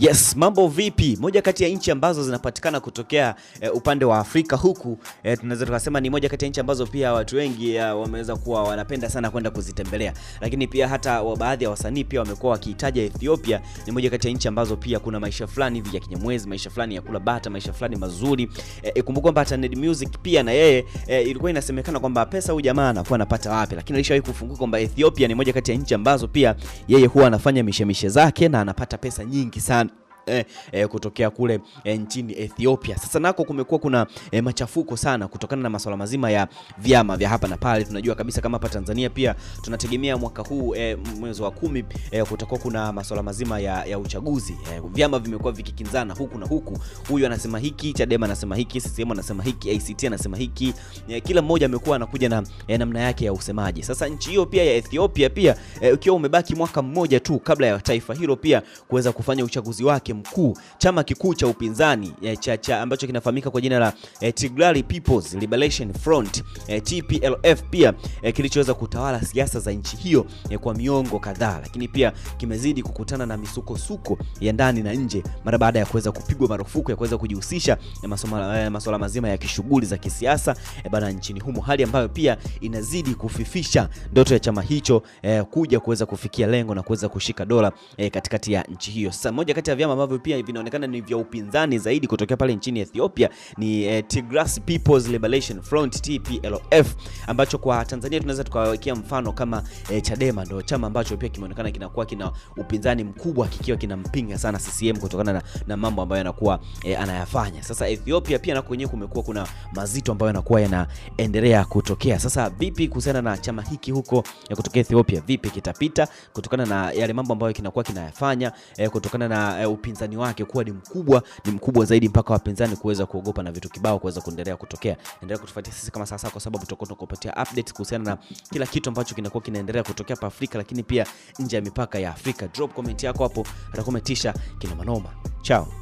Yes, mambo vipi? Moja kati ya nchi ambazo zinapatikana kutokea e, upande wa Afrika huku e, tunaweza tukasema ni moja kati ya nchi ambazo pia watu wengi eh, wameweza kuwa wanapenda sana kwenda kuzitembelea, lakini pia hata baadhi ya wasanii pia wamekuwa wakiitaja Ethiopia ni moja kati ya nchi ambazo pia kuna maisha fulani hivi ya kinyamwezi, maisha fulani ya kula bata, maisha fulani mazuri. Ikumbuka e, kwamba hata Ned Music pia na yeye e, ilikuwa inasemekana kwamba pesa huyu jamaa anakuwa anapata wapi, lakini alishawahi kufunguka kwamba Ethiopia ni moja kati ya nchi ambazo pia yeye huwa anafanya mishemishe zake na anapata pesa nyingi sana eh, eh, kutokea kule eh, nchini Ethiopia. Sasa nako kumekuwa kuna eh, machafuko sana kutokana na masuala mazima ya vyama vya hapa na pale. Tunajua kabisa kama hapa Tanzania pia tunategemea mwaka huu eh, mwezi wa kumi eh, kutakuwa kuna masuala mazima ya, ya uchaguzi eh, vyama vimekuwa vikikinzana huku na huku, huyu anasema hiki, Chadema anasema hiki, CCM anasema hiki, ACT anasema hiki eh, kila mmoja amekuwa anakuja na eh, namna yake ya usemaji. Sasa nchi hiyo pia ya Ethiopia pia eh, ukiwa umebaki mwaka mmoja tu kabla ya taifa hilo pia kuweza kufanya uchaguzi wake mkuu, chama kikuu cha upinzani e, cha, cha, ambacho kinafahamika kwa jina la e, Tigray People's Liberation Front e, eh, TPLF pia e, kilichoweza kutawala siasa za nchi hiyo e, kwa miongo kadhaa, lakini pia kimezidi kukutana na misukosuko ya ndani na nje mara baada ya kuweza kupigwa marufuku ya kuweza kujihusisha na masuala mazima ya kishughuli za kisiasa e, bana nchini humo, hali ambayo pia inazidi kufifisha ndoto ya chama hicho e, kuja kuweza kufikia lengo na kuweza kushika dola e, katikati ya nchi hiyo. Sasa moja kati ya vyama ambavyo ambavyo pia vinaonekana ni vya upinzani zaidi kutokea pale nchini Ethiopia ni eh, Tigray People's Liberation Front TPLF, ambacho kwa Tanzania tunaweza tukawekea mfano kama eh, Chadema ndio chama ambacho pia kimeonekana kinakuwa kina upinzani mkubwa kikiwa kinampinga sana CCM kutokana na, na mambo ambayo yanakuwa eh, anayafanya. Sasa Ethiopia pia na wenyewe kumekuwa kuna mazito ambayo yanakuwa yanaendelea kutokea. Sasa vipi kuhusiana na chama hiki huko ya eh, kutokea Ethiopia, vipi kitapita kutokana na yale mambo ambayo kinakuwa kinayafanya eh, kutokana na eh, upi mpinzani wake kuwa ni mkubwa, ni mkubwa zaidi mpaka wapinzani kuweza kuogopa na vitu kibao kuweza kuendelea kutokea. Endelea kutufuatia sisi kama sasa, kwa sababu tutakuwa tunakupatia updates kuhusiana na kila kitu ambacho kinakuwa kinaendelea kutokea pa Afrika, lakini pia nje ya mipaka ya Afrika. Drop comment yako hapo, atakometisha kina manoma. Chao.